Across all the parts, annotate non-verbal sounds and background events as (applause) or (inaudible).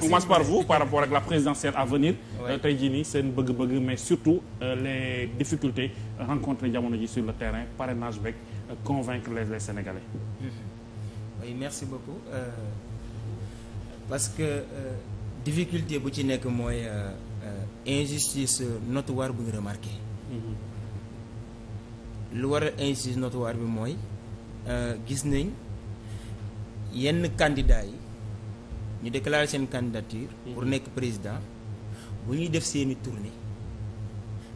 commence par par rapport ak la présidentielle à venir. Euh, tey jii nii seen bëgg-bëgg mais surtout euh, les difficultés rencontrées jamono ji sur le terrain parrainage beeg euh, convaincre les les Sénégalais. Mm-hmm. oui merci beaucoup parce que euh, difficulté bu ci nekk mooy injustice notoire bu ñu mm-hmm. lu war a injustice notoire bi mooy gis nañ yenn candidats yi. ñu déclarer seen candidature. pour nekk président bu ñuy def seeni tournée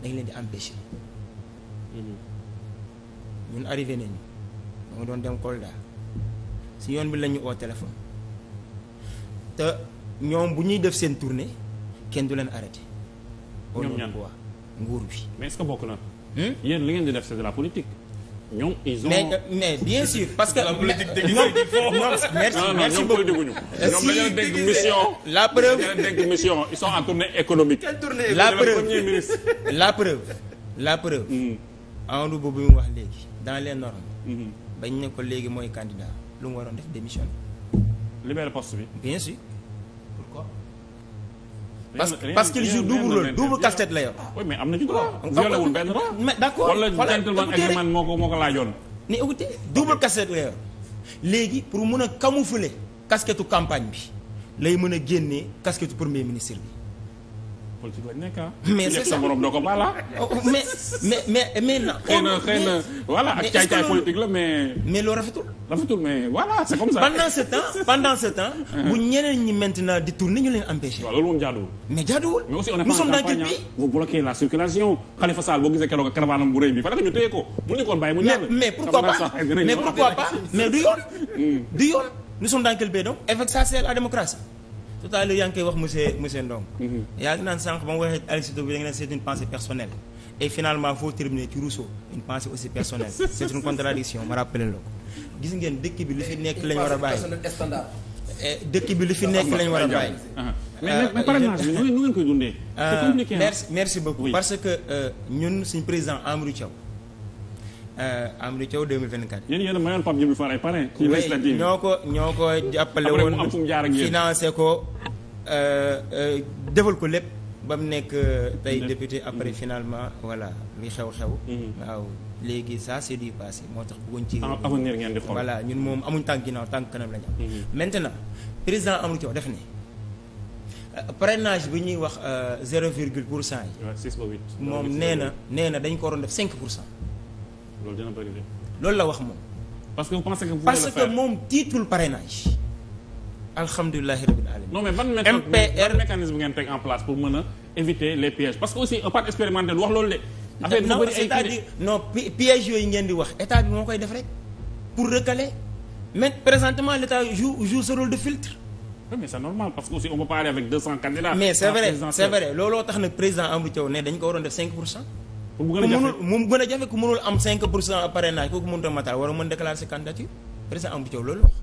dañ leen di empêcher. ñun arrivé nañu dama doon dem Kolda si yoon bi la ñu oo téléphone te ñoom bu ñuy def seen tournée kenn du leen arrêté. ñoom ñan waa nguur bi. mais est-ce que bokk na. Hmm? yéen li ngeen di def c'est de la politique. ñoom ils ont. mais euh, mais bien sûr parce que. la politique dégg ñoom merci merci beaucoup mission. la preuve mission ils sont en tournée économique. la preuve la preuve la hmm. preuve. Amadou boobu mu wax léegi dans les normes. Hmm. bañ ne ko léegi mooy candidat lu mu waroon def démission. libéré poste bi. bien sûr pourquoi. parce parce qu'il joue double rôle double casse-tête la yor. mais am na ci droit. violé wul benn droit. mais la yor léegi pour mun a camoufler casquette campagne bi lay mën a génnee casquette premier ministre bi. politique lañ nekk ah. mais c'est sa borom doo ko baala. Ah. mais mais mais mais na. xëy na xëy na voilà ak caay-caay politique la mais. mais loo rafetul. rafetul mais pendant ce temps bu ñeneen ñi maintenant di tourner ñu leen empêcher. loolu moom jaaduwul. mais jaaduwul. mais aussi on est nous sommes la circulation Khalifa Sall boo gisee keroog caravane bu rëy bi parce que ñu téye ko mu nekkoon bàyyi mu ñëw mais mais pourquoi pas mais pourquoi pas mais du yoon. Hmm. du yoon nous sommes tout à l'heure yaa ngi koy wax monsieur monsieur Ndong mhm. yaa ngi naan sànq ba mu waxee Alex Tobi da nga ne c'est une pensée personnelle et finalement faut terminer ci Rousseau une pensée aussi personnelle (laughs) c'est contradiction ma rappelé la ko gis ngeen dëkk bi li fi nekk lañ war a bàyyi eh, dëkk bi li fi nekk lañ war a bàyyi ah, ah. mais mais parrainage euh, merci merci parce que euh, ñun suñu président Amadou Thiaw euh, Amadou Thiaw 2024. yéen a mayoon Pape Djibril Fall ñoo ko ñoo ko jàppale woon financé ko. Euh, euh, defal ko lépp ba mu nekk euh, tey député après mm-hmm. finalement voilà li xew-xew. Mm-hmm. waaw léegi ça c'est du passé moo tax bëggoon ci. Ah, avenir ngeen di xool voilà ñun moom amuñ tànk ginnaaw tànk kanam la ñu am. Mm-hmm. maintenant président amul coo def ni parrainage bi ñuy wax zéro virgule pour cent yi. moom nee na nee na dañ ko waroon def cinq pour cent. loolu la wax moom. parce que moom tiitul parrainage. alhamdulilahi rabbil alamin non mais ban méthode ban mécanisme ngeen teg en place pour mën a éviter les pièges parce que aussi un parc expérimental wax loolu de. affaire bi bëri ay c'est-à-dire non pièges yooyu ngeen di wax état bi moo koy def rek pour recaler mais présentement l' état joue joue ce rôle de filtre. oui mais c'est normal parce que aussi on peut pas aller avec 200 candidats. mais c'est vrai c'est vrai looloo tax nag président Amadou Thiaw ne dañ ko waroon def 5 pour cent. pour mu gën a jafe mu gën a jafe ku mënul am 5 pour cent parrainage kooku mënut a matal war a mën déclarer sa candidature président Amadou Thiaw loolu wax.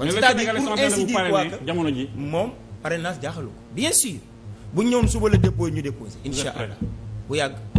kon cest à pour ainsi dire jamono ji moom parrainage jaaxalu ko bien sûr bu ñëwoon suba la déposé ñu déposé incha allah bu yàgg